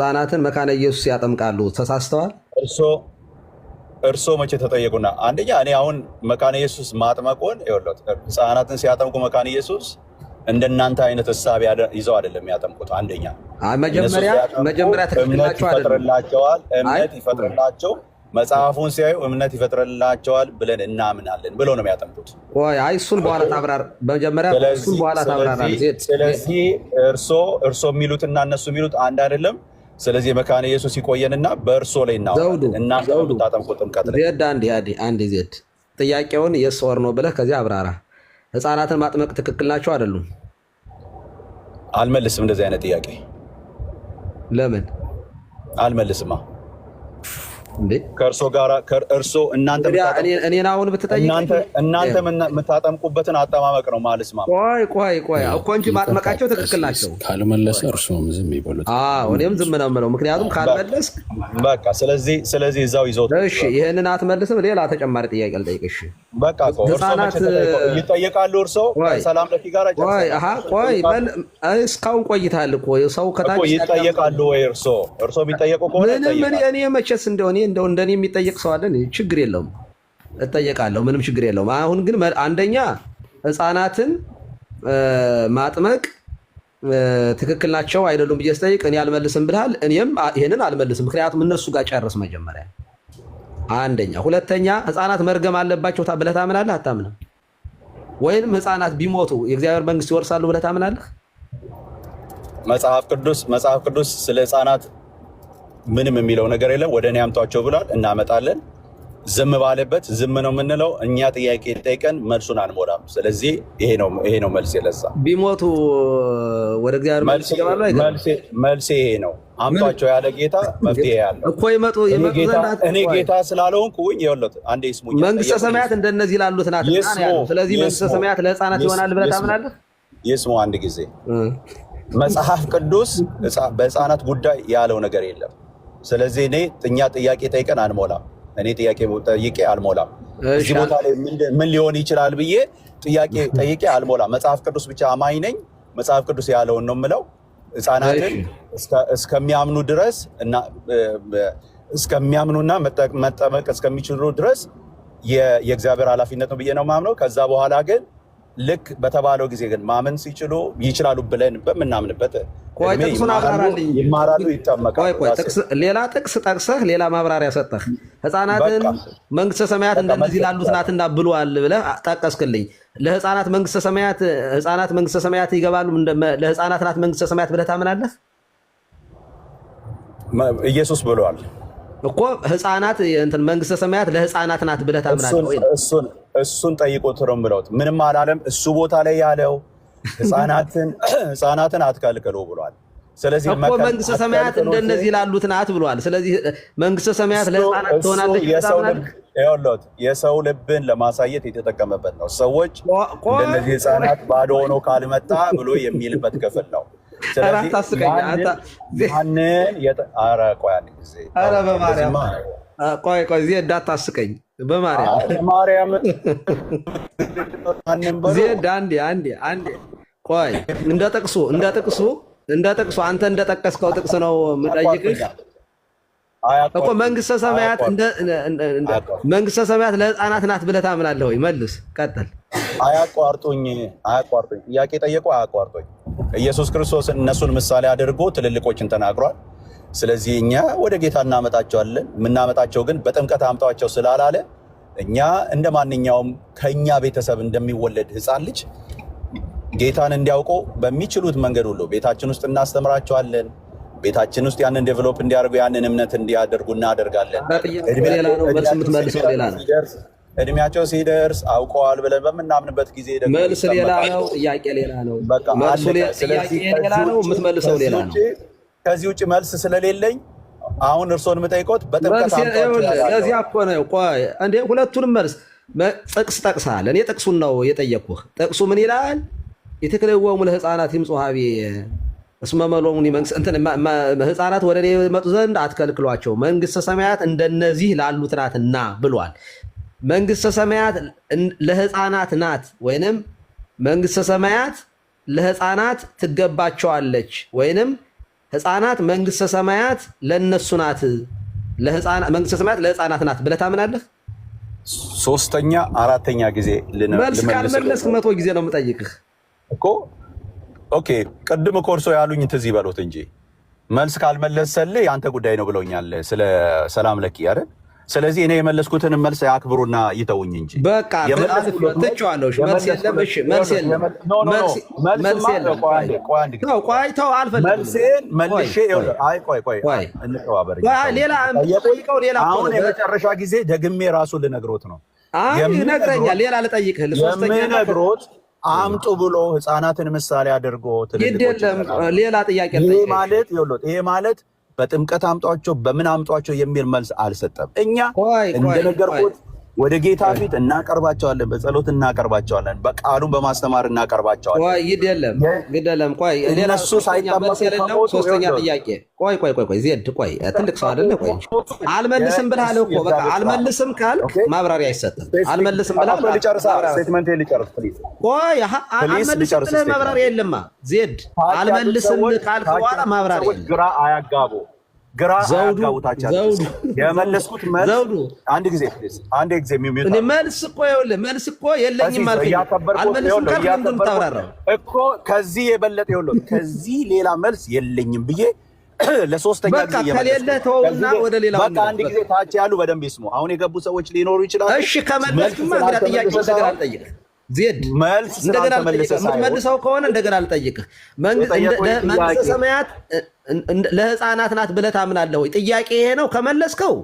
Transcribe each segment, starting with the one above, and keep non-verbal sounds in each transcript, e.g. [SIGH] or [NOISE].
ህፃናትን መካነ ኢየሱስ ያጠምቃሉ ተሳስተዋል? እርሶ መቼ ተጠየቁና፣ አንደኛ እኔ አሁን መካነ ኢየሱስ ማጥመቁን ይኸውልዎት፣ ህፃናትን ሲያጠምቁ መካነ ኢየሱስ እንደናንተ አይነት እሳቤ ይዘው አይደለም ያጠምቁት። አንደኛ መጀመሪያ እምነት ይፈጥርላቸዋል፣ እምነት ይፈጥርላቸው መጽሐፉን ሲያዩ እምነት ይፈጥርላቸዋል ብለን እናምናለን ብሎ ነው የሚያጠምቁት። አይ እሱን በኋላ ታብራር፣ መጀመሪያ እሱን በኋላ ታብራራለህ። ስለዚህ እርሶ እርሶ የሚሉትና እነሱ የሚሉት አንድ አይደለም። ስለዚህ መካነ ኢየሱስ ይቆየንና በእርሶ ላይ እናእናጠምቁ ጥምቀት አንድ ዜድ ጥያቄውን የስ ወር ነው ብለህ ከዚህ አብራራ። ህፃናትን ማጥመቅ ትክክል ናቸው አይደሉም? አልመልስም። እንደዚህ አይነት ጥያቄ ለምን አልመልስማ? ከእርሶ ጋር እርሶ እናንተ እኔን አሁን ብትጠይቅ እናንተ የምታጠምቁበትን አጠማመቅ ነው ማለት ማ ቆይ ቆይ ቆይ እኮ እንጂ ማጥመቃቸው ትክክል ናቸው። ካልመለሰ እርሶም ዝም ይበሉት። እኔም ዝም ነው የምለው፣ ምክንያቱም ካልመለስ በቃ ስለዚህ ስለዚህ እዛው ይዘውት። እሺ ይህንን አትመልስም። ሌላ ተጨማሪ ጥያቄ ልጠይቅሽ። በቃ ይጠየቃሉ። እርሶ ሰላም ለኪ ጋር ቆይ እስካሁን ቆይታል እኮ ሰው ከታች ይጠየቃሉ ወይ እርሶ እርሶ የሚጠየቁ ከሆነ ምንም እኔ መቼስ እንደሆነ እንደው እንደኔ የሚጠየቅ ሰው አለ። ችግር የለውም እጠየቃለሁ፣ ምንም ችግር የለውም። አሁን ግን አንደኛ ህፃናትን ማጥመቅ ትክክል ናቸው አይደሉም ብዬ ስጠይቅ እኔ አልመልስም ብልሃል፣ እኔም ይህንን አልመልስም። ምክንያቱም እነሱ ጋር ጨርስ መጀመሪያ አንደኛ። ሁለተኛ ህፃናት መርገም አለባቸው ብለህ ታምናለህ? አታምንም? ወይም ህፃናት ቢሞቱ የእግዚአብሔር መንግስት ይወርሳሉ ብለህ ታምናለህ? መጽሐፍ ቅዱስ መጽሐፍ ቅዱስ ስለ ህፃናት ምንም የሚለው ነገር የለም። ወደ እኔ አምጧቸው ብሏል፣ እናመጣለን። ዝም ባለበት ዝም ነው የምንለው። እኛ ጥያቄ ጠይቀን መልሱን አንሞላም። ስለዚህ ይሄ ነው መልስ። የለሳ ቢሞቱ ወደ እግዚአብሔር መልስ ይሄ ነው። አምጧቸው ያለ ጌታ መፍትሄ ያለው እኮ ይመጡ። እኔ ጌታ ስላልሆንኩ ይኸውልህ፣ አንዴ ይስሙኝ። መንግስተ ሰማያት እንደነዚህ ላሉት ናት። ስለዚህ መንግስተ ሰማያት ለህፃናት ይሆናል ብለህ ታምናለህ? ይስሙ አንድ ጊዜ መጽሐፍ ቅዱስ በህፃናት ጉዳይ ያለው ነገር የለም። ስለዚህ እኔ እኛ ጥያቄ ጠይቀን አንሞላም። እኔ ጥያቄ ጠይቄ አልሞላም። እዚህ ቦታ ላይ ምን ሊሆን ይችላል ብዬ ጥያቄ ጠይቄ አልሞላም። መጽሐፍ ቅዱስ ብቻ አማኝ ነኝ። መጽሐፍ ቅዱስ ያለውን ነው የምለው። ህፃናትን እስከሚያምኑ ድረስ እና እስከሚያምኑና መጠመቅ እስከሚችሉ ድረስ የእግዚአብሔር ኃላፊነት ነው ብዬ ነው የማምነው። ከዛ በኋላ ግን ልክ በተባለው ጊዜ ግን ማመን ሲችሉ ይችላሉ ብለን በምናምንበት ይማራሉ፣ ይጠመቃሉ። ሌላ ጥቅስ ጠቅሰህ ሌላ ማብራሪያ ሰጠህ። ህፃናትን መንግስተ ሰማያት እንደነዚህ ላሉት ናትና ብሏል ብለህ ጠቀስክልኝ። ለህፃናት መንግስተ ሰማያት ህፃናት መንግስተ ሰማያት ይገባሉ ለህፃናት ናት መንግስተ ሰማያት ብለህ ታምናለህ? ኢየሱስ ብለዋል እኮ ህፃናት፣ መንግስተ ሰማያት ለህፃናት ናት ብለህ ታምናለህ? እሱን ጠይቆ ነው ብለውት ምንም አላለም። እሱ ቦታ ላይ ያለው ህፃናትን [CLEARS THROAT] አትከልክሉ ብሏል። ስለዚህ መንግስተ ሰማያት እንደነዚህ ላሉት ናት ብሏል። ስለዚህ መንግስተ ሰማያት ለህፃናት ትሆናለች። የሰው ልብን ለማሳየት የተጠቀመበት ነው። ሰዎች እንደነዚህ ህፃናት ባዶ ሆኖ ካልመጣ ብሎ የሚልበት ክፍል ነው። ስለዚህ ማንን የጠ ኧረ ቆይ አንድ ጊዜ ቆይ ቆይ ዜ እንዳታስቀኝ በማርያም ዜድ አንዴ አንዴ አንዴ ቆይ እንደ ጥቅሱ እንደ አንተ እንደ ጥቅስ ነው የምጠይቅህ እኮ መንግስተ ሰማያት መንግስተ ሰማያት ለህፃናት ናት ብለህ ታምናለህ ወይ መልስ ቀጥል አያቋርጡኝ አያቋርጡኝ ጥያቄ ጠየቁ አያቋርጡኝ ኢየሱስ ክርስቶስ እነሱን ምሳሌ አድርጎ ትልልቆችን ተናግሯል ስለዚህ እኛ ወደ ጌታ እናመጣቸዋለን። የምናመጣቸው ግን በጥምቀት አምጣቸው ስላላለ እኛ እንደ ማንኛውም ከእኛ ቤተሰብ እንደሚወለድ ሕፃን ልጅ ጌታን እንዲያውቁ በሚችሉት መንገድ ሁሉ ቤታችን ውስጥ እናስተምራቸዋለን። ቤታችን ውስጥ ያንን ዴቨሎፕ እንዲያደርጉ ያንን እምነት እንዲያደርጉ እናደርጋለን። እድሜያቸው ሲደርስ አውቀዋል ብለን በምናምንበት ጊዜ መልስ ሌላ ነው፣ ጥያቄ ሌላ ነው። በቃ ሌላ ነው፣ የምትመልሰው ሌላ ነው። ከዚህ ውጭ መልስ ስለሌለኝ አሁን እርስዎን የምጠይቆት በጥብቀት ለዚያ ነው። ቆይ እንዴ ሁለቱንም መልስ ጥቅስ ጠቅሳል። እኔ ጥቅሱን ነው የጠየኩህ። ጥቅሱ ምን ይላል? የተክለወሙ ለህፃናት ይምጽኡ ኀቤ እስመ መሎሙኒ መንግስት ህፃናት ወደ እኔ መጡ ዘንድ አትከልክሏቸው መንግስተ ሰማያት እንደነዚህ ላሉት ናት ናትና ብሏል። መንግስተ ሰማያት ለህፃናት ናት ወይንም መንግስተ ሰማያት ለህፃናት ትገባቸዋለች ወይንም ህፃናት መንግስተ ሰማያት ለእነሱ ናት፣ መንግስተ ሰማያት ለህፃናት ናት ብለህ ታምናለህ? ሶስተኛ አራተኛ ጊዜ መልስ ካልመለስክ መቶ ጊዜ ነው የምጠይቅህ እኮ። ኦኬ ቅድም እኮ እርሶ ያሉኝ ትዝ ይበሉት እንጂ መልስ ካልመለሰልህ የአንተ ጉዳይ ነው ብለውኛል። ስለ ሰላም ለኪ አይደል ስለዚህ እኔ የመለስኩትን መልስ አክብሩና ይተውኝ እንጂ በቃ መልስ የለም። እሺ መልስ የለም። መልስ የለም። ቆይ ተው፣ አልፈልግም። ሌላ ጠይቀው። ሌላ አሁን የመጨረሻ ጊዜ ደግሜ ራሱ ልነግሮት ነው። ይነግረኛል። ሌላ ልጠይቅህ የምነግሮት አምጡ ብሎ ህፃናትን ምሳሌ አድርጎ ሌላ ጥያቄ ማለት ይሄ ማለት በጥምቀት አምጧቸው፣ በምን አምጧቸው የሚል መልስ አልሰጠም። እኛ እንደነገርኩት ወደ ጌታ ፊት እናቀርባቸዋለን፣ በጸሎት እናቀርባቸዋለን፣ በቃሉን በማስተማር እናቀርባቸዋለን። ግድ የለም ግድ የለም። ቆይ እነሱ የሌለው ሶስተኛ ጥያቄ። ቆይ ቆይ ቆይ ቆይ ዜድ ቆይ፣ ትልቅ ሰው አይደለ? ቆይ አልመልስም እኮ በቃ አልመልስም ካልክ ማብራሪያ አይሰጥም። አልመልስም ቆይ አልመልስም ማብራሪያ የለማ ዜድ። አልመልስም ካልክ በኋላ ማብራሪያ ግራ አያጋቡ ግራ አያጋውታቻለሁ። የመለስኩት መልስ አንድ ጊዜ አንድ ጊዜ መልስ እኮ ይኸውልህ፣ መልስ እኮ የለኝም እኮ ከዚህ የበለጠ ይኸውልህ፣ ከዚህ ሌላ መልስ የለኝም ብዬ [CLEARS THROAT] ለሶስተኛ ጊዜ ከሌለ ተወውና ወደ ሌላ በቃ አንድ ጊዜ ታች ያሉ በደንብ ይስሙ። አሁን የገቡ ሰዎች ሊኖሩ ይችላሉ። እሺ ከመለስኩማ ግራ ጥያቄ እንደገና አልጠይቅህ ዜድ መልስ እንደገና አልጠይቅህ። የምትመልሰው ከሆነ እንደገና አልጠይቅህ። መንግስተ ሰማያት ለህፃናት ናት ብለህ ታምናለህ ወይ? ጥያቄ ይሄ ነው። ከመለስከው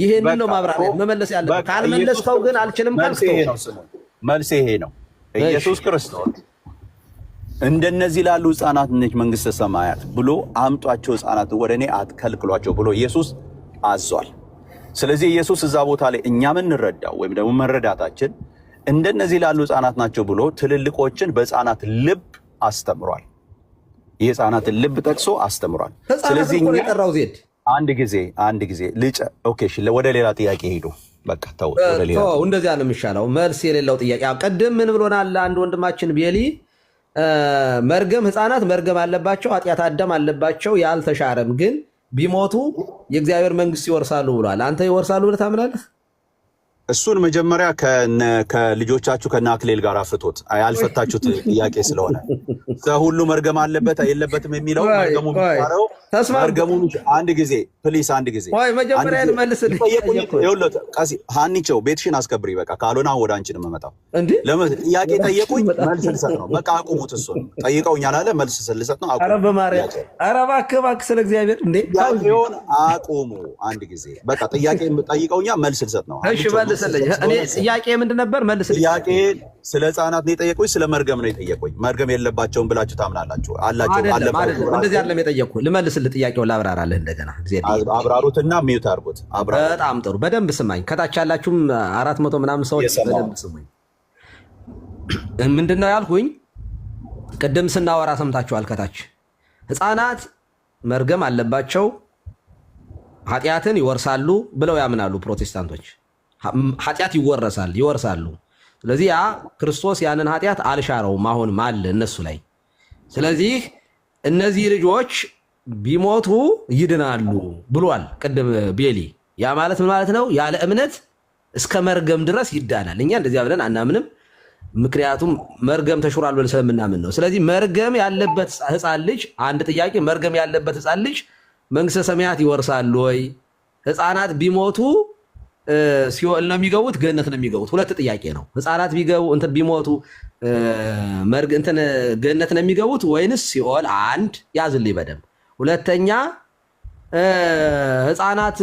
ይህን ነው ማብራሪያ መመለስ ያለ። ካልመለስከው ግን አልችልም መልስ ይሄ ነው። ኢየሱስ ክርስቶስ እንደነዚህ ላሉ ህፃናት ነች መንግስተ ሰማያት ብሎ አምጧቸው፣ ህፃናት ወደ እኔ አትከልክሏቸው ብሎ ኢየሱስ አዟል። ስለዚህ ኢየሱስ እዛ ቦታ ላይ እኛ ምንረዳው ወይም ደግሞ መረዳታችን እንደነዚህ ላሉ ህፃናት ናቸው ብሎ ትልልቆችን በህፃናት ልብ አስተምሯል። የህፃናትን ልብ ጠቅሶ አስተምሯል። ስለዚህ የጠራው ዜድ አንድ ጊዜ አንድ ጊዜ ልጨ ወደ ሌላ ጥያቄ ሄዱ። በቃ ተው፣ እንደዚያ ነው የሚሻለው። መልስ የሌለው ጥያቄ። ቅድም ምን ብሎናል አንድ ወንድማችን ቤሊ መርገም ህፃናት መርገም አለባቸው፣ አጥያት አዳም አለባቸው፣ ያልተሻረም ግን ቢሞቱ የእግዚአብሔር መንግስት ይወርሳሉ ብሏል። አንተ ይወርሳሉ ብለህ ታምናለህ? እሱን መጀመሪያ ከልጆቻችሁ ከነአክሌል ጋር አፍርቶት ያልፈታችሁት ጥያቄ ስለሆነ ከሁሉ መርገም አለበት የለበትም የሚለው መርገሙ አንድ ጊዜ ፕሊስ፣ አንድ ጊዜ ሀኒቸው ቤትሽን አስከብሪ። በቃ ካልሆነ አሁን ወደ አንቺ ነው የምመጣው። ጥያቄ ጠየቁኝ፣ መልስ ልሰጥ ነው። በቃ አቁሙት። እሱ ጠይቀውኛል አለ መልስ ልሰጥ ነው። ኧረ እባክህ እባክህ፣ ስለ እግዚአብሔር እንዴ አቁሙ። አንድ ጊዜ በቃ ጥያቄ ጠይቀውኛል፣ መልስ ልሰጥ ነው። መልስልኝ። እኔ ጥያቄ ምንድን ነበር? መልስልኝ። ጥያቄ ስለ ህፃናት ነው የጠየቁኝ፣ ስለ መርገም ነው የጠየቁኝ። መርገም የለባቸውም ብላችሁ ታምናላችሁ አላቸው። እንደዚህ አይደለም የጠየቅኩህ። ልመልስልህ፣ ጥያቄውን ላብራራልህ እንደገና። አብራሩትና ሚዩት አድርጉት። በጣም ጥሩ። በደንብ ስማኝ። ከታች ያላችሁም አራት መቶ ምናምን ሰዎች በደንብ ምንድን ነው ያልኩኝ? ቅድም ስናወራ ሰምታችኋል። ከታች ህፃናት መርገም አለባቸው ኃጢአትን ይወርሳሉ ብለው ያምናሉ ፕሮቴስታንቶች። ኃጢአት ይወረሳል ይወርሳሉ። ስለዚህ ያ ክርስቶስ ያንን ኃጢአት አልሻረውም፣ አሁንም አለ እነሱ ላይ። ስለዚህ እነዚህ ልጆች ቢሞቱ ይድናሉ ብሏል ቅድም ቤሊ። ያ ማለት ምን ማለት ነው? ያለ እምነት እስከ መርገም ድረስ ይዳናል። እኛ እንደዚያ ብለን አናምንም፣ ምክንያቱም መርገም ተሽሯል ብለን ስለምናምን ነው። ስለዚህ መርገም ያለበት ህፃን ልጅ አንድ ጥያቄ፣ መርገም ያለበት ህፃን ልጅ መንግስተ ሰማያት ይወርሳሉ ወይ? ህፃናት ቢሞቱ ሲኦል ነው የሚገቡት? ገነት ነው የሚገቡት? ሁለት ጥያቄ ነው። ህፃናት ቢገቡ እንትን ቢሞቱ እንትን ገነት ነው የሚገቡት ወይንስ ሲኦል? አንድ ያዝልኝ በደንብ። ሁለተኛ ህፃናት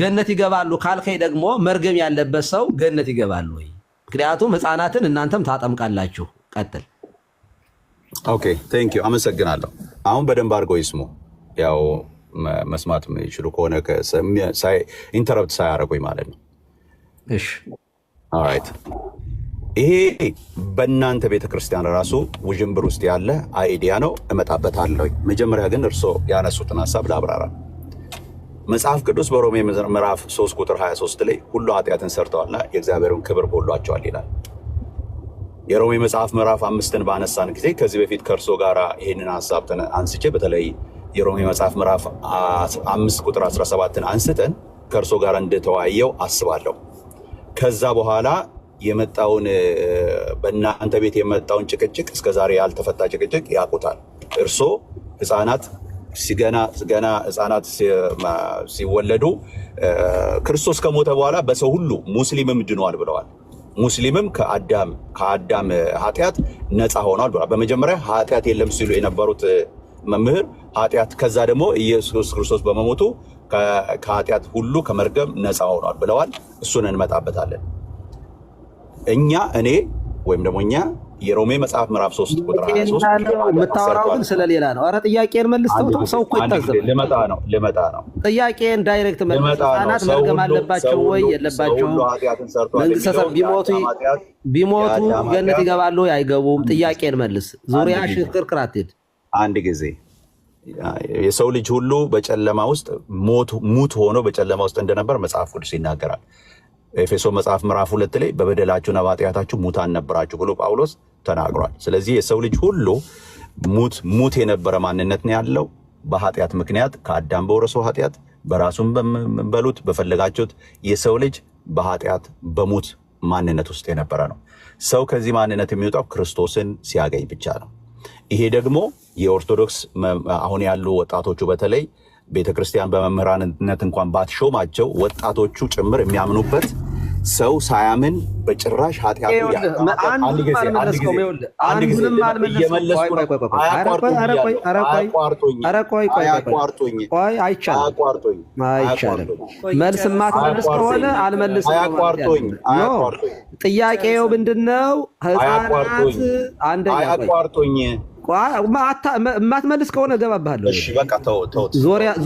ገነት ይገባሉ ካልከኝ ደግሞ መርገም ያለበት ሰው ገነት ይገባሉ ወይ? ምክንያቱም ህፃናትን እናንተም ታጠምቃላችሁ። ቀጥል። ኦኬ ቴንክ ዩ አመሰግናለሁ። አሁን በደንብ አድርገው ይስሙ። ያው መስማት የሚችሉ ከሆነ ኢንተረፕት ሳያደርጉኝ ማለት ነው። አራይት ይሄ በእናንተ ቤተ ክርስቲያን ራሱ ውዥንብር ውስጥ ያለ አይዲያ ነው፣ እመጣበታለሁ። መጀመሪያ ግን እርስዎ ያነሱትን ሀሳብ ላብራራ። መጽሐፍ ቅዱስ በሮሜ ምዕራፍ 3 ቁጥር 23 ላይ ሁሉ ኃጢአትን ሰርተዋልና የእግዚአብሔርን ክብር ቦሏቸዋል ይላል። የሮሜ መጽሐፍ ምዕራፍ አምስትን ባነሳን ጊዜ ከዚህ በፊት ከእርሶ ጋር ይህንን ሀሳብ አንስቼ በተለይ የሮሜ መጽሐፍ ምዕራፍ አምስት ቁጥር 17ን አንስተን ከእርሶ ጋር እንደተወያየው አስባለሁ። ከዛ በኋላ የመጣውን በእናንተ ቤት የመጣውን ጭቅጭቅ እስከዛሬ ያልተፈታ ጭቅጭቅ ያውቁታል። እርሶ ህፃናት ሲገና ገና ህፃናት ሲወለዱ ክርስቶስ ከሞተ በኋላ በሰው ሁሉ ሙስሊምም ድኗል ብለዋል። ሙስሊምም ከአዳም ከአዳም ኃጢአት ነፃ ሆኗል ብለዋል። በመጀመሪያ ኃጢአት የለም ሲሉ የነበሩት መምህር ኃጢአት ከዛ ደግሞ ኢየሱስ ክርስቶስ በመሞቱ ከኃጢአት ሁሉ ከመርገም ነፃ ሆኗል ብለዋል። እሱን እንመጣበታለን። እኛ እኔ ወይም ደግሞ እኛ የሮሜ መጽሐፍ ምዕራፍ 3 ቁጥር 23 የምታወራው ግን ስለሌላ ነው። አረ ጥያቄን መልስ። ተውተው ሰው እኮ ይታዘባል። ልመጣ ነው ልመጣ ነው። ጥያቄን ዳይሬክት መልስ። ህጻናት መርገም አለባቸው ወይ የለባቸውም? መንግስተ ሰብ ቢሞቱ ቢሞቱ ገነት ይገባሉ አይገቡም? ጥያቄን መልስ። ዙሪያ ሽክርክር አትሄድ አንድ ጊዜ የሰው ልጅ ሁሉ በጨለማ ውስጥ ሙት ሆኖ በጨለማ ውስጥ እንደነበር መጽሐፍ ቅዱስ ይናገራል። ኤፌሶ መጽሐፍ ምዕራፍ ሁለት ላይ በበደላችሁና በኃጢአታችሁ ሙታን ነበራችሁ ብሎ ጳውሎስ ተናግሯል። ስለዚህ የሰው ልጅ ሁሉ ሙት ሙት የነበረ ማንነት ነው ያለው በኃጢአት ምክንያት ከአዳም በወረሰው ኃጢአት በራሱም በምበሉት በፈለጋችሁት የሰው ልጅ በኃጢአት በሙት ማንነት ውስጥ የነበረ ነው። ሰው ከዚህ ማንነት የሚወጣው ክርስቶስን ሲያገኝ ብቻ ነው። ይሄ ደግሞ የኦርቶዶክስ አሁን ያሉ ወጣቶቹ በተለይ ቤተ ክርስቲያን በመምህራንነት እንኳን ባትሾማቸው ወጣቶቹ ጭምር የሚያምኑበት ሰው ሳያምን በጭራሽ ጥያቄው ምንድን ነው? ህፃናት አንደኛ የማትመልስ ከሆነ እገባብሃለሁ።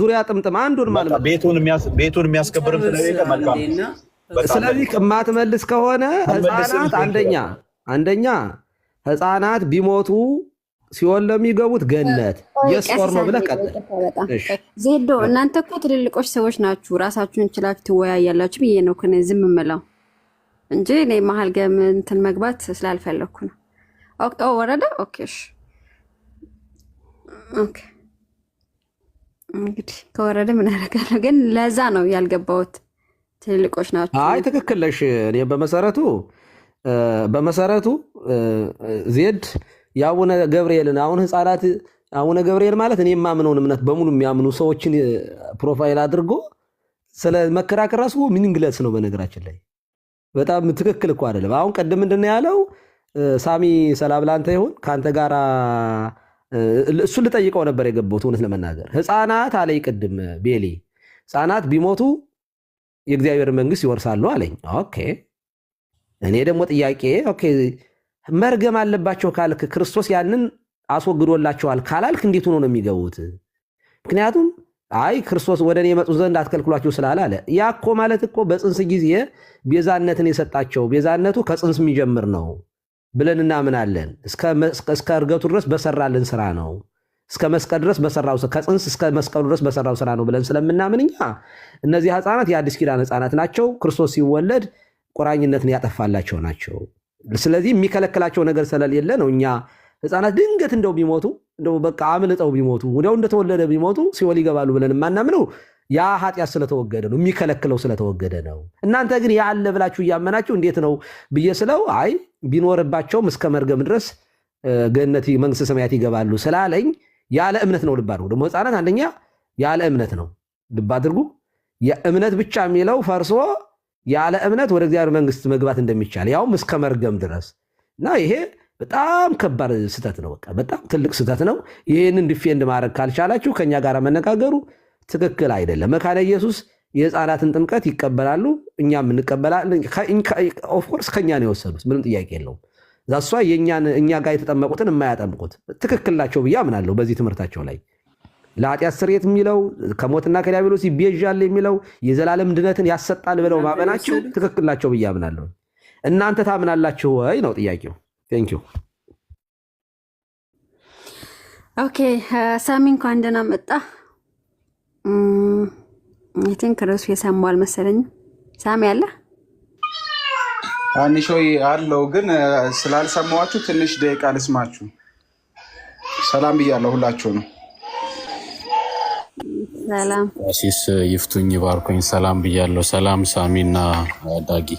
ዙሪያ ጥምጥም አንዱን ቤቱን የሚያስከብርም ስለሌለ መልካም። ስለዚህ የማትመልስ ከሆነ ህፃናት አንደኛ አንደኛ ህፃናት ቢሞቱ ሲሆን ለሚገቡት ገነት የስር ነው ብለህ ቀጥል። ዜዶ እናንተ እኮ ትልልቆች ሰዎች ናችሁ፣ ራሳችሁን ችላችሁ ትወያያላችሁ ብዬ ነው እኮ ዝም የምለው እንጂ እኔ መሀል ገምንትን መግባት ስላልፈለግኩ ነው። ወረደ ኦኬ ኦኬ እንግዲህ ከወረደ ምን አደርጋለሁ? ግን ለዛ ነው ያልገባሁት። ትልልቆች ናቸው። አይ ትክክል ነሽ። እኔ በመሰረቱ በመሰረቱ ዜድ የአቡነ ገብርኤልን አሁን ህፃናት አቡነ ገብርኤል ማለት እኔ የማምነውን እምነት በሙሉ የሚያምኑ ሰዎችን ፕሮፋይል አድርጎ ስለ መከራከር ራሱ ሚኒንግለስ ነው። በነገራችን ላይ በጣም ትክክል እኮ አይደለም። አሁን ቅድም ምንድን ነው ያለው? ሳሚ ሰላም ላንተ ይሁን ከአንተ ጋር እሱን ልጠይቀው ነበር የገባሁት እውነት ለመናገር ህፃናት አለኝ ቅድም ቤሊ ህፃናት ቢሞቱ የእግዚአብሔር መንግስት ይወርሳሉ አለኝ ኦኬ እኔ ደግሞ ጥያቄ ኦኬ መርገም አለባቸው ካልክ ክርስቶስ ያንን አስወግዶላቸዋል ካላልክ እንዴት ሆኖ ነው የሚገቡት ምክንያቱም አይ ክርስቶስ ወደ እኔ የመጡ ዘንድ አትከልክሏቸው ስላለ አለ ያ እኮ ማለት እኮ በፅንስ ጊዜ ቤዛነትን የሰጣቸው ቤዛነቱ ከፅንስ የሚጀምር ነው ብለን እናምናለን። እስከ እርገቱ ድረስ በሰራልን ስራ ነው እስከ መስቀል ድረስ በሰራው ከጽንስ እስከ መስቀሉ ድረስ በሰራው ስራ ነው ብለን ስለምናምን እኛ እነዚህ ህፃናት የአዲስ ኪዳን ህፃናት ናቸው። ክርስቶስ ሲወለድ ቁራኝነትን ያጠፋላቸው ናቸው። ስለዚህ የሚከለክላቸው ነገር ስለሌለ ነው እኛ ህፃናት ድንገት እንደው ቢሞቱ እንደው በቃ አምልጠው ቢሞቱ ወዲያው እንደተወለደ ቢሞቱ ሲወል ይገባሉ ብለን የማናምነው ያ ኃጢአት ስለተወገደ ነው፣ የሚከለክለው ስለተወገደ ነው። እናንተ ግን ያለ ብላችሁ እያመናችሁ እንዴት ነው ብዬ ስለው አይ ቢኖርባቸውም እስከ መርገም ድረስ ገነት መንግስት ሰማያት ይገባሉ ስላለኝ ያለ እምነት ነው። ልብ አድርጉ። ደግሞ ህፃናት አንደኛ ያለ እምነት ነው። ልብ አድርጉ። የእምነት ብቻ የሚለው ፈርሶ ያለ እምነት ወደ እግዚአብሔር መንግስት መግባት እንደሚቻል ያውም እስከ መርገም ድረስ እና ይሄ በጣም ከባድ ስህተት ነው። በቃ በጣም ትልቅ ስህተት ነው። ይህንን ዲፌንድ ማድረግ ካልቻላችሁ ከኛ ጋር መነጋገሩ ትክክል አይደለም። መካነ ኢየሱስ የህፃናትን ጥምቀት ይቀበላሉ፣ እኛም እንቀበላለን። ኦፍኮርስ ከኛ ነው የወሰዱት፣ ምንም ጥያቄ የለውም። እዛ ዛሷ እኛ ጋር የተጠመቁትን የማያጠምቁት ትክክል ናቸው ብዬ አምናለሁ። በዚህ ትምህርታቸው ላይ ለኃጢአት ስርየት የሚለው ከሞትና ከዲያብሎስ ይቤዣል የሚለው የዘላለም ድነትን ያሰጣል ብለው ማመናቸው ትክክል ናቸው ብዬ አምናለሁ። እናንተ ታምናላችሁ ወይ ነው ጥያቄው። ቴንኪው ኦኬ። ሳሚ እንኳን ደህና መጣ። ይህትን ክርስ የሰማል መሰለኝ። ሳሚ አለ አንሾይ አለው ግን ስላልሰማዋችሁ ትንሽ ደቂቃ ልስማችሁ። ሰላም ብያለሁ ሁላችሁ ነው። ሰላም ቀሲስ ይፍቱኝ ባርኮኝ፣ ሰላም ብያለሁ። ሰላም ሳሚ ሳሚና ዳጊ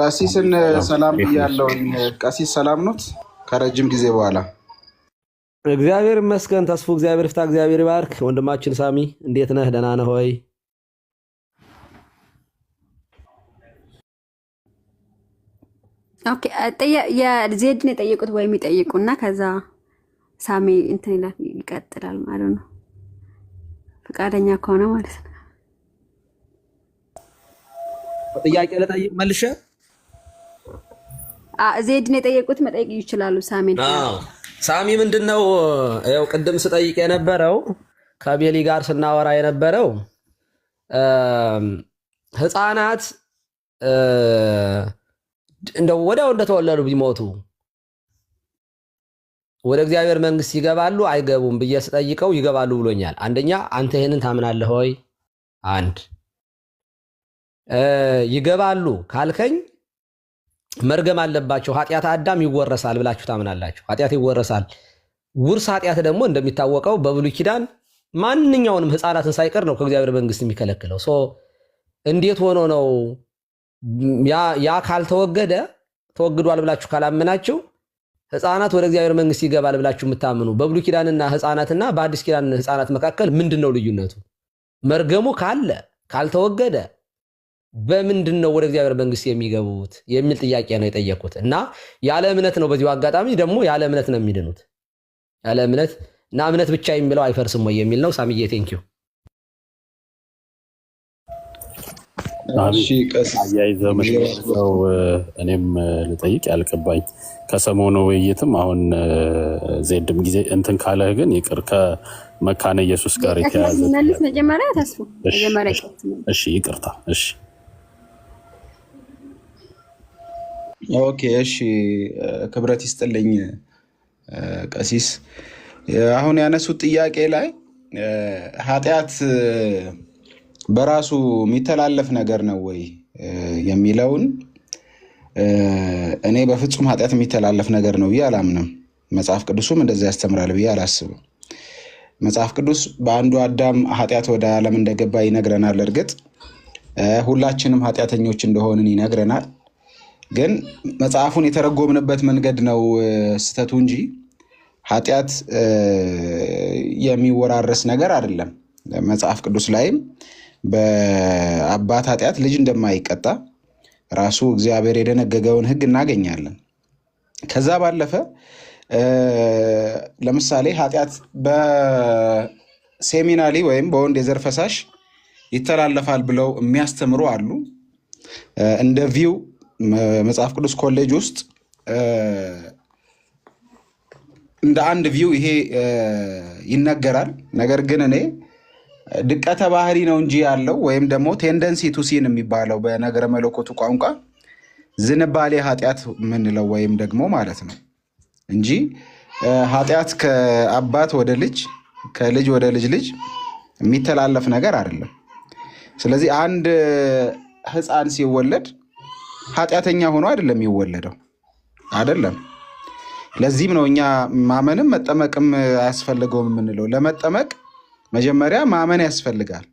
ቀሲስን ሰላም ብያለሁ። ቀሲስ ሰላም ኖት ከረጅም ጊዜ በኋላ እግዚአብሔር ይመስገን። ተስፉ እግዚአብሔር ፍታ እግዚአብሔር ይባርክ። ወንድማችን ሳሚ እንዴት ነህ? ደህና ነህ ወይ? ኦኬ የጠየቁት ወይም እና ከዛ ሳሚ እንትን ይላል ይቀጥላል ማለት ነው፣ ፈቃደኛ ከሆነ ማለት ነው። ጥያቄ ልጠይቅ መልሼ ዜድን የጠየቁት መጠየቅ ይችላሉ ሳሚ ሳሚ ምንድን ነው ያው ቅድም ስጠይቅ የነበረው ከቤሊ ጋር ስናወራ የነበረው ህፃናት እንደ ወዲያው እንደተወለዱ ቢሞቱ ወደ እግዚአብሔር መንግስት ይገባሉ አይገቡም ብዬ ስጠይቀው ይገባሉ ብሎኛል። አንደኛ አንተ ይህንን ታምናለህ ሆይ? አንድ ይገባሉ ካልከኝ መርገም አለባቸው። ኃጢአት አዳም ይወረሳል ብላችሁ ታምናላችሁ። ኃጢአት ይወረሳል። ውርስ ኃጢአት ደግሞ እንደሚታወቀው በብሉይ ኪዳን ማንኛውንም ሕፃናትን ሳይቀር ነው ከእግዚአብሔር መንግስት የሚከለክለው። እንዴት ሆኖ ነው ያ ካልተወገደ ተወግዷል ብላችሁ ካላመናችሁ ሕፃናት ወደ እግዚአብሔር መንግስት ይገባል ብላችሁ የምታምኑ በብሉይ ኪዳንና ሕፃናትና በአዲስ ኪዳን ሕፃናት መካከል ምንድን ነው ልዩነቱ? መርገሙ ካለ ካልተወገደ በምንድን ነው ወደ እግዚአብሔር መንግስት የሚገቡት የሚል ጥያቄ ነው የጠየቁት። እና ያለ እምነት ነው። በዚሁ አጋጣሚ ደግሞ ያለ እምነት ነው የሚድኑት። ያለ እምነት እና እምነት ብቻ የሚለው አይፈርስም ወይ የሚል ነው። ሳሚዬ ቴንኪዩ። አያይዘህ እኔም ልጠይቅ ያልቅባኝ ከሰሞኑ ውይይትም አሁን ዜድም ጊዜ እንትን ካለህ ግን ይቅር ከመካነ ኢየሱስ ጋር የተያዘ መጀመሪያ ተሱ መጀመሪያ ይቅርታ እሺ ኦኬ እሺ፣ ክብረት ይስጥልኝ ቀሲስ። አሁን ያነሱት ጥያቄ ላይ ኃጢአት በራሱ የሚተላለፍ ነገር ነው ወይ የሚለውን እኔ በፍጹም ኃጢአት የሚተላለፍ ነገር ነው ብዬ አላምንም። መጽሐፍ ቅዱሱም እንደዛ ያስተምራል ብዬ አላስብም። መጽሐፍ ቅዱስ በአንዱ አዳም ኃጢአት ወደ ዓለም እንደገባ ይነግረናል። እርግጥ ሁላችንም ኃጢአተኞች እንደሆንን ይነግረናል። ግን መጽሐፉን የተረጎምንበት መንገድ ነው ስህተቱ እንጂ ኃጢአት የሚወራረስ ነገር አይደለም። መጽሐፍ ቅዱስ ላይም በአባት ኃጢአት ልጅ እንደማይቀጣ ራሱ እግዚአብሔር የደነገገውን ሕግ እናገኛለን። ከዛ ባለፈ ለምሳሌ ኃጢአት በሴሚናሊ ወይም በወንድ የዘር ፈሳሽ ይተላለፋል ብለው የሚያስተምሩ አሉ። እንደ ቪው መጽሐፍ ቅዱስ ኮሌጅ ውስጥ እንደ አንድ ቪው ይሄ ይነገራል። ነገር ግን እኔ ድቀተ ባህሪ ነው እንጂ ያለው ወይም ደግሞ ቴንደንሲ ቱሲን የሚባለው በነገረ መለኮቱ ቋንቋ ዝንባሌ ኃጢአት የምንለው ወይም ደግሞ ማለት ነው እንጂ ኃጢአት ከአባት ወደ ልጅ ከልጅ ወደ ልጅ ልጅ የሚተላለፍ ነገር አይደለም። ስለዚህ አንድ ሕፃን ሲወለድ ኃጢአተኛ ሆኖ አይደለም የሚወለደው አይደለም። ለዚህም ነው እኛ ማመንም መጠመቅም አያስፈልገውም የምንለው። ለመጠመቅ መጀመሪያ ማመን ያስፈልጋል።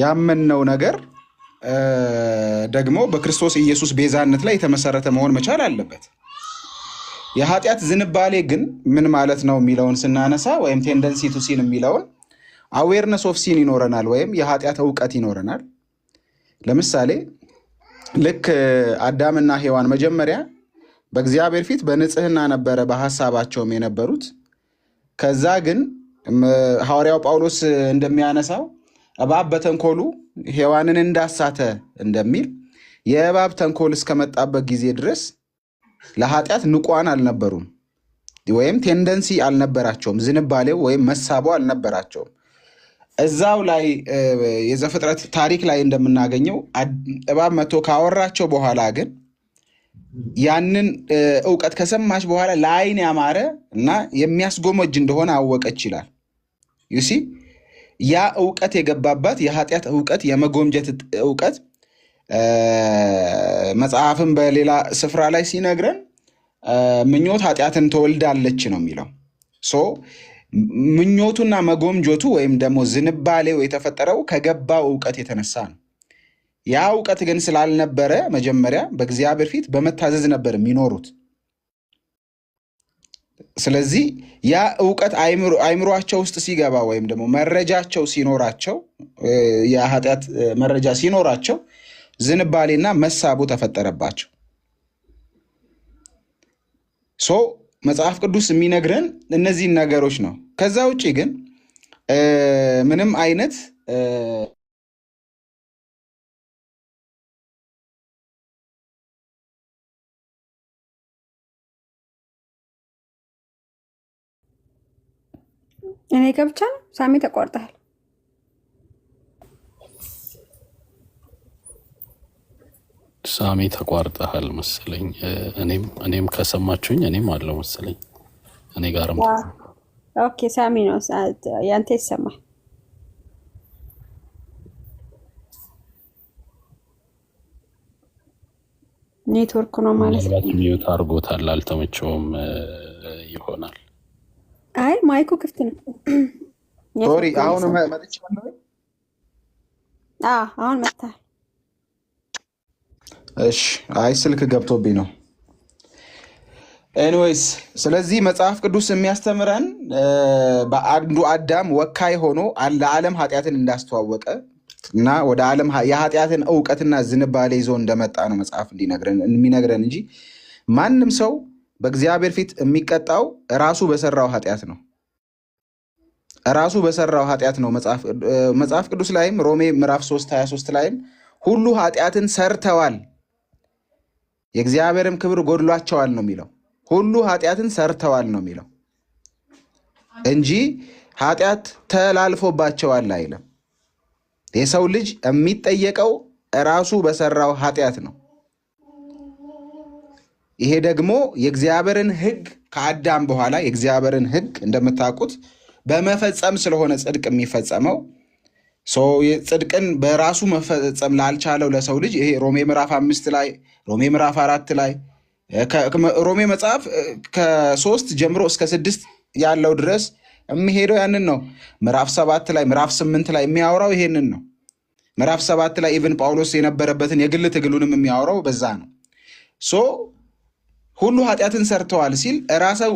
ያመንነው ነገር ደግሞ በክርስቶስ ኢየሱስ ቤዛነት ላይ የተመሰረተ መሆን መቻል አለበት። የኃጢአት ዝንባሌ ግን ምን ማለት ነው የሚለውን ስናነሳ ወይም ቴንደንሲ ቱ ሲን የሚለውን አዌርነስ ኦፍ ሲን ይኖረናል፣ ወይም የኃጢአት እውቀት ይኖረናል። ለምሳሌ ልክ አዳምና ሔዋን መጀመሪያ በእግዚአብሔር ፊት በንጽህና ነበረ በሀሳባቸውም የነበሩት። ከዛ ግን ሐዋርያው ጳውሎስ እንደሚያነሳው እባብ በተንኮሉ ሔዋንን እንዳሳተ እንደሚል የእባብ ተንኮል እስከመጣበት ጊዜ ድረስ ለኃጢአት ንቋን አልነበሩም፣ ወይም ቴንደንሲ አልነበራቸውም፣ ዝንባሌው ወይም መሳቦ አልነበራቸውም። እዛው ላይ የዘፍጥረት ታሪክ ላይ እንደምናገኘው እባብ መቶ ካወራቸው በኋላ ግን ያንን እውቀት ከሰማች በኋላ ለአይን ያማረ እና የሚያስጎመጅ እንደሆነ አወቀች ይላል። ዩሲ ያ እውቀት የገባባት የኃጢአት እውቀት፣ የመጎምጀት እውቀት መጽሐፍን በሌላ ስፍራ ላይ ሲነግረን ምኞት ኃጢአትን ትወልዳለች ነው የሚለው ምኞቱና መጎምጆቱ ወይም ደግሞ ዝንባሌው የተፈጠረው ከገባው እውቀት የተነሳ ነው። ያ እውቀት ግን ስላልነበረ መጀመሪያ በእግዚአብሔር ፊት በመታዘዝ ነበር የሚኖሩት። ስለዚህ ያ እውቀት አይምሯቸው ውስጥ ሲገባ ወይም ደግሞ መረጃቸው ሲኖራቸው የኃጢአት መረጃ ሲኖራቸው ዝንባሌና መሳቡ ተፈጠረባቸው ሶ መጽሐፍ ቅዱስ የሚነግረን እነዚህን ነገሮች ነው። ከዛ ውጭ ግን ምንም አይነት እኔ ገብቻ ሳሚ ተቋርጠሃል። ሳሚ ተቋርጠሃል መሰለኝ። እኔም እኔም ከሰማችሁኝ እኔም አለው መሰለኝ እኔ ጋርም። ኦኬ ሳሚ ነው ያንተ ይሰማ። ኔትወርክ ነው ማለት ነው። ሚዩት አድርጎታል፣ አልተመቸውም ይሆናል። አይ ማይኩ ክፍት ነው። ሶሪ አሁን መጥቼ አሁን መጥታል እሺ፣ አይ ስልክ ገብቶብኝ ነው። ኤኒዌይስ ስለዚህ መጽሐፍ ቅዱስ የሚያስተምረን በአንዱ አዳም ወካይ ሆኖ ለዓለም ኃጢአትን እንዳስተዋወቀ እና ወደ ዓለም የኃጢአትን እውቀትና ዝንባሌ ይዞ እንደመጣ ነው መጽሐፍ የሚነግረን እንጂ ማንም ሰው በእግዚአብሔር ፊት የሚቀጣው ራሱ በሰራው ኃጢአት ነው። ራሱ በሰራው ኃጢአት ነው። መጽሐፍ ቅዱስ ላይም ሮሜ ምዕራፍ 3 23 ላይም ሁሉ ኃጢአትን ሰርተዋል የእግዚአብሔርም ክብር ጎድሏቸዋል ነው የሚለው። ሁሉ ኃጢአትን ሰርተዋል ነው የሚለው እንጂ ኃጢአት ተላልፎባቸዋል አይልም። የሰው ልጅ የሚጠየቀው ራሱ በሰራው ኃጢአት ነው። ይሄ ደግሞ የእግዚአብሔርን ሕግ ከአዳም በኋላ የእግዚአብሔርን ሕግ እንደምታውቁት በመፈጸም ስለሆነ ጽድቅ የሚፈጸመው ጽድቅን በራሱ መፈጸም ላልቻለው ለሰው ልጅ ይሄ ሮሜ ምዕራፍ አምስት ላይ ሮሜ ምዕራፍ አራት ላይ ሮሜ መጽሐፍ ከሶስት ጀምሮ እስከ ስድስት ያለው ድረስ የሚሄደው ያንን ነው። ምዕራፍ ሰባት ላይ ምዕራፍ ስምንት ላይ የሚያወራው ይሄንን ነው። ምዕራፍ ሰባት ላይ ኢብን ጳውሎስ የነበረበትን የግል ትግሉንም የሚያወራው በዛ ነው። ሶ ሁሉ ኃጢአትን ሰርተዋል ሲል ራሰው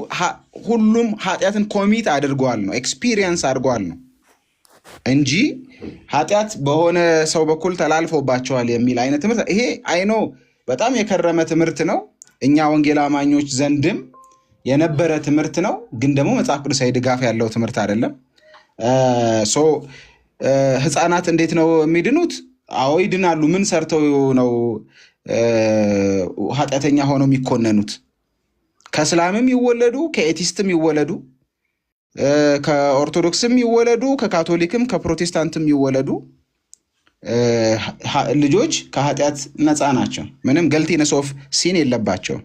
ሁሉም ኃጢአትን ኮሚት አድርጓል ነው ኤክስፒሪየንስ አድርጓል ነው እንጂ ኃጢአት በሆነ ሰው በኩል ተላልፎባቸዋል የሚል አይነት ትምህርት ይሄ አይኖ በጣም የከረመ ትምህርት ነው። እኛ ወንጌል አማኞች ዘንድም የነበረ ትምህርት ነው። ግን ደግሞ መጽሐፍ ቅዱሳዊ ድጋፍ ያለው ትምህርት አይደለም። ህፃናት እንዴት ነው የሚድኑት? አዎ ይድናሉ። ምን ሰርተው ነው ኃጢአተኛ ሆነው የሚኮነኑት? ከእስላምም ይወለዱ ከኤቲስትም ይወለዱ ከኦርቶዶክስም ይወለዱ ከካቶሊክም ከፕሮቴስታንትም ይወለዱ ልጆች ከኃጢአት ነፃ ናቸው። ምንም ገልቲነስ ነሶፍ ሲን የለባቸው።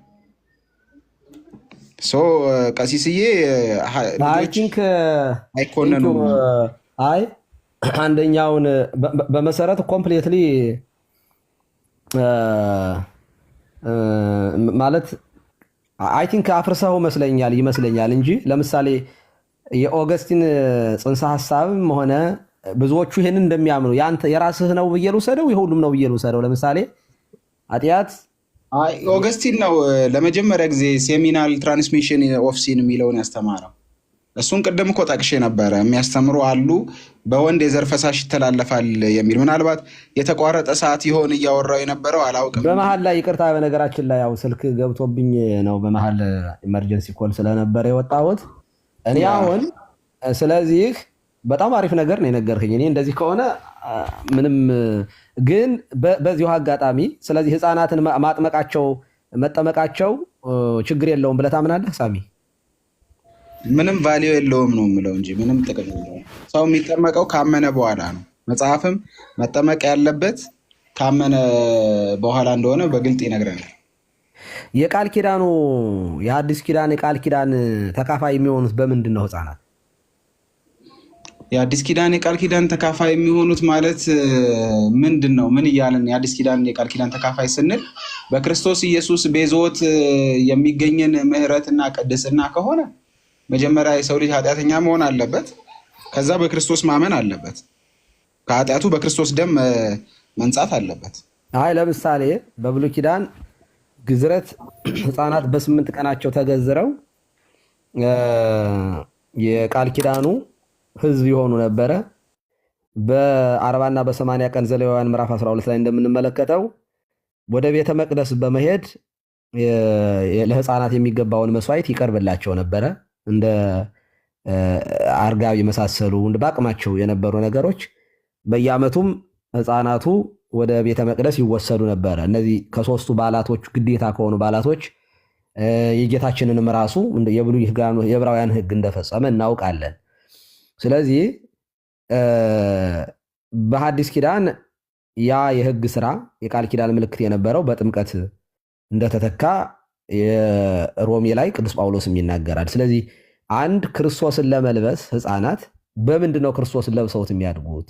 ቀሲስዬ አይኮንኑ። አይ አንደኛውን በመሰረት ኮምፕሌትሊ ማለት አይ ቲንክ አፍርሰው መስለኛል ይመስለኛል እንጂ ለምሳሌ የኦገስቲን ጽንሰ ሀሳብም ሆነ ብዙዎቹ ይህንን እንደሚያምኑ የራስህ ነው ብዬ ልውሰደው የሁሉም ነው ብዬ ልውሰደው። ለምሳሌ አጥያት ኦገስቲን ነው ለመጀመሪያ ጊዜ ሴሚናል ትራንስሚሽን ኦፍ ሲን የሚለውን ያስተማረው። እሱን ቅድም እኮ ጠቅሼ ነበረ። የሚያስተምሩ አሉ በወንድ የዘር ፈሳሽ ይተላለፋል የሚል ምናልባት የተቋረጠ ሰዓት ይሆን እያወራው የነበረው አላውቅም። በመሀል ላይ ይቅርታ፣ በነገራችን ላይ ያው ስልክ ገብቶብኝ ነው በመሀል ኢመርጀንሲ ኮል ስለነበረ የወጣሁት እኔ አሁን ስለዚህ በጣም አሪፍ ነገር ነው የነገርክኝ። እኔ እንደዚህ ከሆነ ምንም ግን በዚሁ አጋጣሚ ስለዚህ ህፃናትን ማጥመቃቸው መጠመቃቸው ችግር የለውም ብለህ ታምናለህ ሳሚ? ምንም ቫሊዮ የለውም ነው የምለው እንጂ ምንም ጥቅም የለውም። ሰው የሚጠመቀው ካመነ በኋላ ነው። መጽሐፍም መጠመቅ ያለበት ካመነ በኋላ እንደሆነ በግልጥ ይነግረናል። የቃል ኪዳኑ የአዲስ ኪዳን የቃል ኪዳን ተካፋይ የሚሆኑት በምንድን ነው ህፃናት? የአዲስ ኪዳን የቃል ኪዳን ተካፋይ የሚሆኑት ማለት ምንድን ነው? ምን እያለን? የአዲስ ኪዳን የቃል ኪዳን ተካፋይ ስንል በክርስቶስ ኢየሱስ ቤዞት የሚገኝን ምህረትና ቅድስና ከሆነ መጀመሪያ የሰው ልጅ ኃጢአተኛ መሆን አለበት። ከዛ በክርስቶስ ማመን አለበት። ከኃጢአቱ በክርስቶስ ደም መንጻት አለበት። አይ ለምሳሌ በብሉይ ኪዳን ግዝረት ህፃናት በስምንት ቀናቸው ተገዝረው የቃል ኪዳኑ ህዝብ የሆኑ ነበረ። በአርባና በሰማንያ ቀን ዘሌዋውያን ምዕራፍ 12 ላይ እንደምንመለከተው ወደ ቤተ መቅደስ በመሄድ ለህፃናት የሚገባውን መስዋዕት ይቀርብላቸው ነበረ። እንደ አርጋቢ የመሳሰሉ በአቅማቸው የነበሩ ነገሮች በየአመቱም ህፃናቱ ወደ ቤተ መቅደስ ይወሰዱ ነበረ። እነዚህ ከሶስቱ ባላቶች ግዴታ ከሆኑ ባላቶች የጌታችንንም ራሱ የብሉ የዕብራውያን ሕግ እንደፈጸመ እናውቃለን። ስለዚህ በሐዲስ ኪዳን ያ የሕግ ስራ የቃል ኪዳን ምልክት የነበረው በጥምቀት እንደተተካ የሮሜ ላይ ቅዱስ ጳውሎስም ይናገራል። ስለዚህ አንድ ክርስቶስን ለመልበስ ህፃናት በምንድን ነው ክርስቶስን ለብሰውት የሚያድጉት?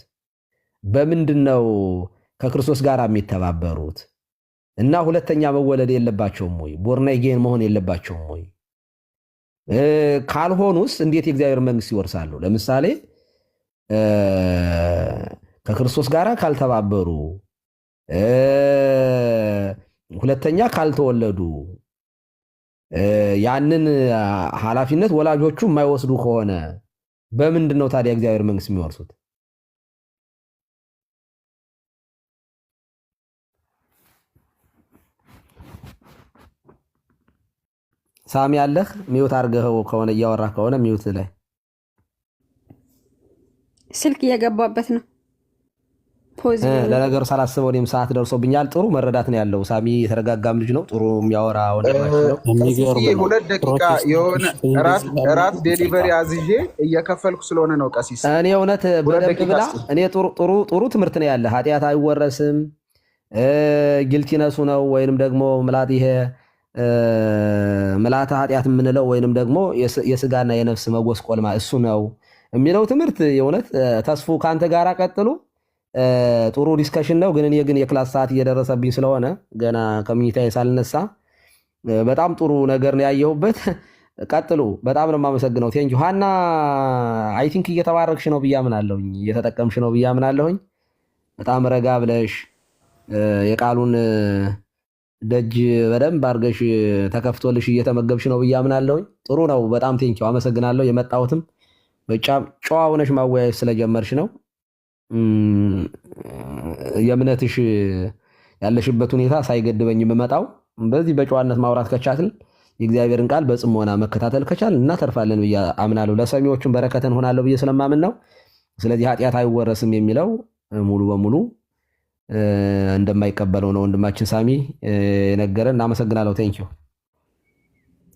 በምንድን ነው ከክርስቶስ ጋር የሚተባበሩት እና ሁለተኛ መወለድ የለባቸውም ወይ? ቦርናይጌን መሆን የለባቸውም ወይ? ካልሆኑስ እንዴት የእግዚአብሔር መንግስት ይወርሳሉ? ለምሳሌ ከክርስቶስ ጋር ካልተባበሩ፣ ሁለተኛ ካልተወለዱ፣ ያንን ኃላፊነት ወላጆቹ የማይወስዱ ከሆነ በምንድን ነው ታዲያ እግዚአብሔር መንግስት የሚወርሱት? ሳሚ አለህ ሚውት አድርገኸው ከሆነ እያወራህ ከሆነ ሚውት ላይ ስልክ እየገባበት ነው። ለነገሩ ሳላስበው እኔም ሰዓት ደርሶብኛል። ጥሩ መረዳት ነው ያለው። ሳሚ የተረጋጋም ልጅ ነው። ጥሩ የሚያወራ ሁለት ደቂቃ የሆነ እራት ዴሊቨሪ አዝዤ እየከፈልኩ ስለሆነ ነው ቀሲስ። እኔ እውነት በደንብ ብላ። እኔ ጥሩ ትምህርት ነው ያለ። ኃጢአት አይወረስም። ጊልቲነሱ ነው ወይንም ደግሞ ምላት ይሄ ምላተ ኃጢአት የምንለው ወይንም ደግሞ የስጋና የነፍስ መጎስቆልማ እሱ ነው የሚለው ትምህርት የእውነት ተስፉ ከአንተ ጋር ቀጥሉ። ጥሩ ዲስከሽን ነው። ግን እኔ ግን የክላስ ሰዓት እየደረሰብኝ ስለሆነ ገና ከምኝታዬ ሳልነሳ በጣም ጥሩ ነገር ነው ያየሁበት። ቀጥሉ። በጣም ነው የማመሰግነው። ቴንጅ ሀና አይ ቲንክ እየተባረክሽ ነው ብያምናለሁኝ፣ እየተጠቀምሽ ነው ብያምናለሁኝ። በጣም ረጋ ብለሽ የቃሉን ደጅ በደንብ አድርገሽ ተከፍቶልሽ እየተመገብሽ ነው ብዬ አምናለሁኝ። ጥሩ ነው። በጣም ቴንኪው አመሰግናለሁ። የመጣሁትም በጫ ጨዋ ሆነሽ ማወያየት ስለጀመርሽ ነው። የእምነትሽ ያለሽበት ሁኔታ ሳይገድበኝ የምመጣው በዚህ በጨዋነት ማውራት ከቻልን የእግዚአብሔርን ቃል በጽሞና መከታተል ከቻልን እናተርፋለን ብዬ አምናለሁ። ለሰሚዎቹን በረከተን ሆናለሁ ብዬ ስለማምን ነው። ስለዚህ ኃጢአት አይወረስም የሚለው ሙሉ በሙሉ እንደማይቀበለው ነው ወንድማችን ሳሚ የነገረን። እናመሰግናለሁ። ቴንኪው።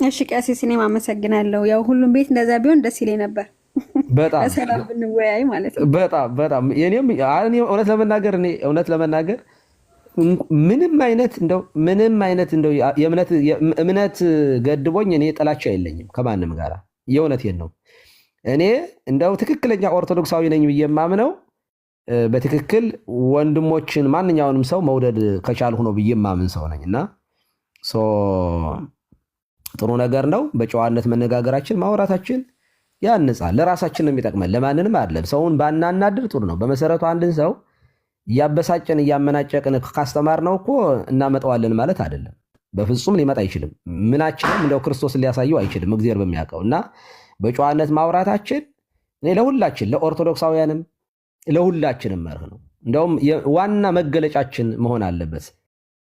እሺ ቀሲስ፣ እኔም አመሰግናለሁ። ያው ሁሉም ቤት እንደዛ ቢሆን ደስ ይለኝ ነበር። በጣም ማለት በጣም እውነት ለመናገር እኔ እውነት ለመናገር ምንም አይነት እንደው ምንም አይነት እንደው እምነት ገድቦኝ እኔ ጥላቻ የለኝም ከማንም ጋር የእውነት ነው። እኔ እንደው ትክክለኛ ኦርቶዶክሳዊ ነኝ ብዬ የማምነው በትክክል ወንድሞችን ማንኛውንም ሰው መውደድ ከቻልሁ ነው ብዬ ማምን ሰው ነኝ እና ጥሩ ነገር ነው። በጨዋነት መነጋገራችን ማውራታችን ያንጻል። ለራሳችን ነው የሚጠቅመን፣ ለማንንም አይደለም። ሰውን ባናናድር ጥሩ ነው። በመሰረቱ አንድን ሰው እያበሳጨን እያመናጨቅን ካስተማር ነው እኮ እናመጣዋለን ማለት አይደለም። በፍጹም ሊመጣ አይችልም። ምናችንም እንደው ክርስቶስ ሊያሳየው አይችልም እግዚአብሔር በሚያውቀው እና በጨዋነት ማውራታችን ለሁላችን ለኦርቶዶክሳውያንም ለሁላችንም መርህ ነው። እንደውም ዋና መገለጫችን መሆን አለበት።